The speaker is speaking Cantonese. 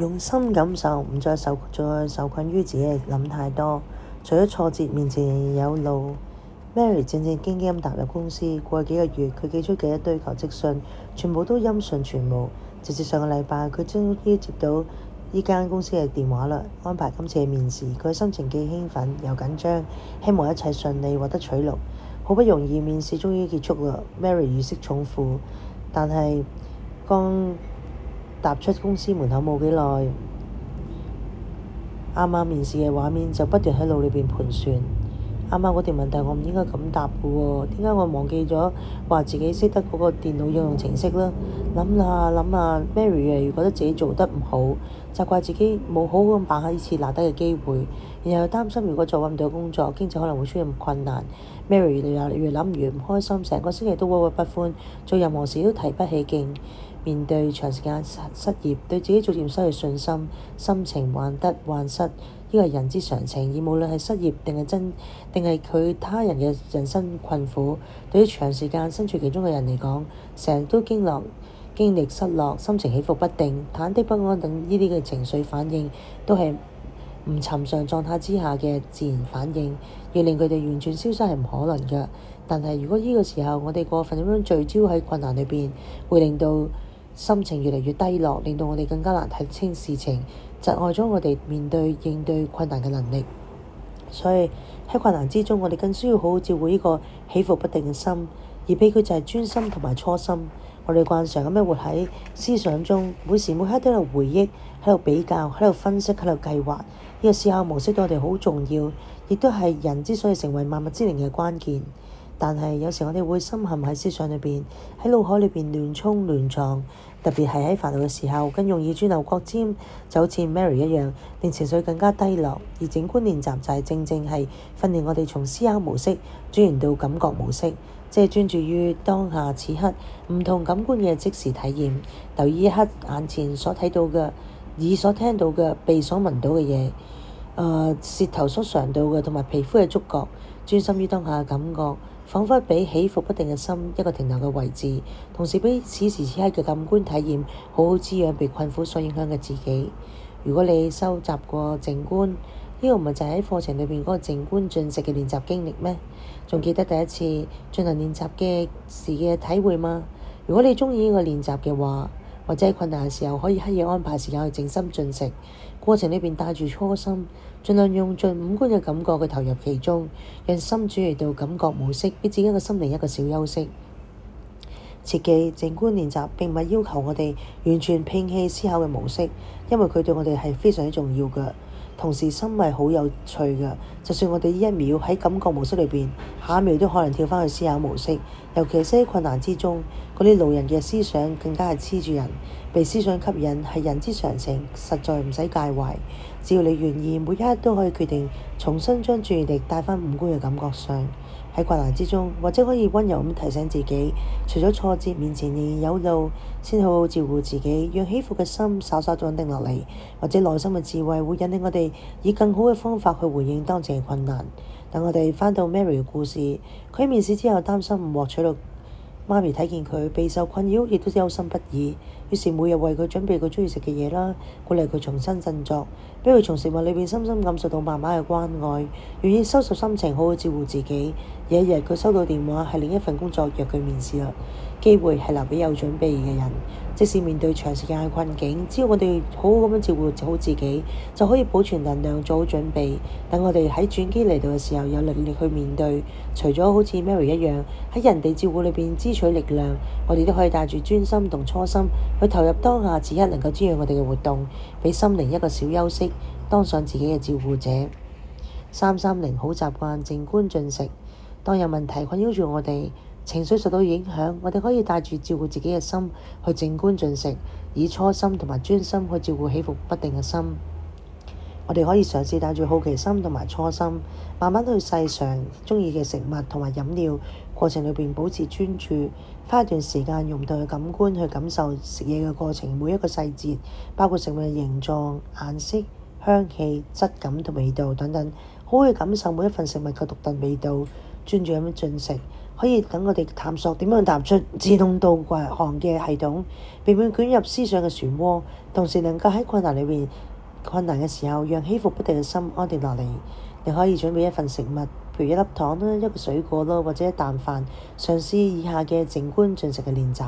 用心感受，唔再受再受困於自己諗太多。除咗挫折面前仍然有路，Mary 正正經經咁踏入公司。過幾個月，佢寄出嘅一堆求職信，全部都音訊全無。直至上個禮拜，佢終於接到呢間公司嘅電話啦，安排今次嘅面試。佢心情既興奮又緊張，希望一切順利獲得取錄。好不容易面試終於結束啦，Mary 如釋重負，但係剛剛踏出公司門口冇幾耐，啱啱面試嘅畫面就不斷喺腦裏邊盤旋，啱啱嗰條問題我唔應該咁答嘅喎，點解我忘記咗話自己識得嗰個電腦應用程式呢？諗下諗下，Mary 啊，如果覺得自己做得唔好，責怪自己冇好好咁把握呢次難得嘅機會，然後又擔心如果再揾唔到工作，經濟可能會出現困難。Mary 越嚟越越諗越唔開心，成個星期都鬱鬱不歡，做任何事都提不起勁。面對長時間失失業，對自己逐漸失去信心、心情患得患失，呢個係人之常情。而無論係失業定係真，定係佢他人嘅人生困苦，對於長時間身處其中嘅人嚟講，成日都經歷經歷失落、心情起伏不定、忐忑不安等呢啲嘅情緒反應，都係唔尋常狀態之下嘅自然反應。要令佢哋完全消失係唔可能㗎。但係如果呢個時候我哋過分咁樣聚焦喺困難裏邊，會令到心情越嚟越低落，令到我哋更加難睇清事情，窒礙咗我哋面對應對困難嘅能力。所以喺困難之中，我哋更需要好好照顧呢個起伏不定嘅心，而俾佢就係專心同埋初心。我哋慣常咁樣活喺思想中，每時每刻都有回憶，喺度比較，喺度分析，喺度計劃，呢個思考模式對我哋好重要，亦都係人之所以成為萬物之靈嘅關鍵。但係有時我哋會深陷喺思想裏邊，喺腦海裏邊亂衝亂撞，特別係喺煩惱嘅時候，更容易鑽牛角尖，就好似 Mary 一樣，令情緒更加低落。而靜觀練習就係正正係訓練我哋從思考模式轉換到感覺模式，即係專注於當下此刻唔同感官嘅即時體驗，留意一刻眼前所睇到嘅、耳所聽到嘅、鼻所聞到嘅嘢。誒、呃、舌頭所嘗到嘅，同埋皮膚嘅觸覺，專心於當下嘅感覺，彷彿俾起伏不定嘅心一個停留嘅位置，同時俾此時此刻嘅感官體驗好好滋養被困苦所影響嘅自己。如果你收集過靜觀，呢個唔係就喺課程裏邊嗰個靜觀進食嘅練習經歷咩？仲記得第一次進行練習嘅時嘅體會嗎？如果你鍾意呢個練習嘅話，或者喺困難嘅時候，可以刻意安排時間去靜心進食。過程裏邊帶住初心，盡量用盡五官嘅感覺去投入其中，讓心轉移到感覺模式，畀自己嘅心靈一個小休息。切記，靜觀練習並唔係要求我哋完全摒棄思考嘅模式，因為佢對我哋係非常之重要嘅。同時，心係好有趣嘅。就算我哋呢一秒喺感覺模式裏邊，下一秒都可能跳翻去思考模式。尤其係喺困難之中，嗰啲路人嘅思想更加係黐住人，被思想吸引係人之常情，實在唔使介懷。只要你願意，每一刻都可以決定重新將注意力帶返五官嘅感覺上。喺困難之中，或者可以温柔咁提醒自己，除咗挫折面前有，有路先好好照顧自己，讓起伏嘅心稍稍穩定落嚟，或者內心嘅智慧會引領我哋以更好嘅方法去回應當前嘅困難。等我哋返到 Mary 嘅故事，佢面試之後擔心唔獲取到。媽咪睇見佢備受困擾，亦都憂心不已，於是每日為佢準備佢鍾意食嘅嘢啦，鼓勵佢重新振作，俾佢從食物裏邊深深感受到媽媽嘅關愛，願意收拾心情，好好照顧自己。有一日，佢收到電話，係另一份工作約佢面試啦。機會係留俾有準備嘅人。即使面對長時間嘅困境，只要我哋好好咁樣照顧好自己，就可以保存能量，做好準備，等我哋喺轉機嚟到嘅時候有能力去面對。除咗好似 Mary 一樣喺人哋照顧裏邊汲取力量，我哋都可以帶住專心同初心去投入當下，此刻能夠滋養我哋嘅活動，俾心靈一個小休息，當上自己嘅照顧者。三三零好習慣，靜觀進食。當有問題困擾住我哋，情緒受到影響，我哋可以帶住照顧自己嘅心去靜觀進食，以初心同埋專心去照顧起伏不定嘅心。我哋可以嘗試帶住好奇心同埋初心，慢慢去細嘗中意嘅食物同埋飲料。過程裏邊保持專注，花一段時間用唔同嘅感官去感受食嘢嘅過程，每一個細節，包括食物嘅形狀、顏色、香氣、質感同味道等等，好去感受每一份食物嘅獨特味道，專注咁樣進食。可以等我哋探索點樣踏出自動導航嘅系統，避免捲入思想嘅漩渦，同時能夠喺困難裏邊困難嘅時候，讓起伏不定嘅心安定落嚟。你可以準備一份食物，譬如一粒糖啦，一個水果啦，或者一啖飯，嘗試以下嘅靜觀進食嘅練習。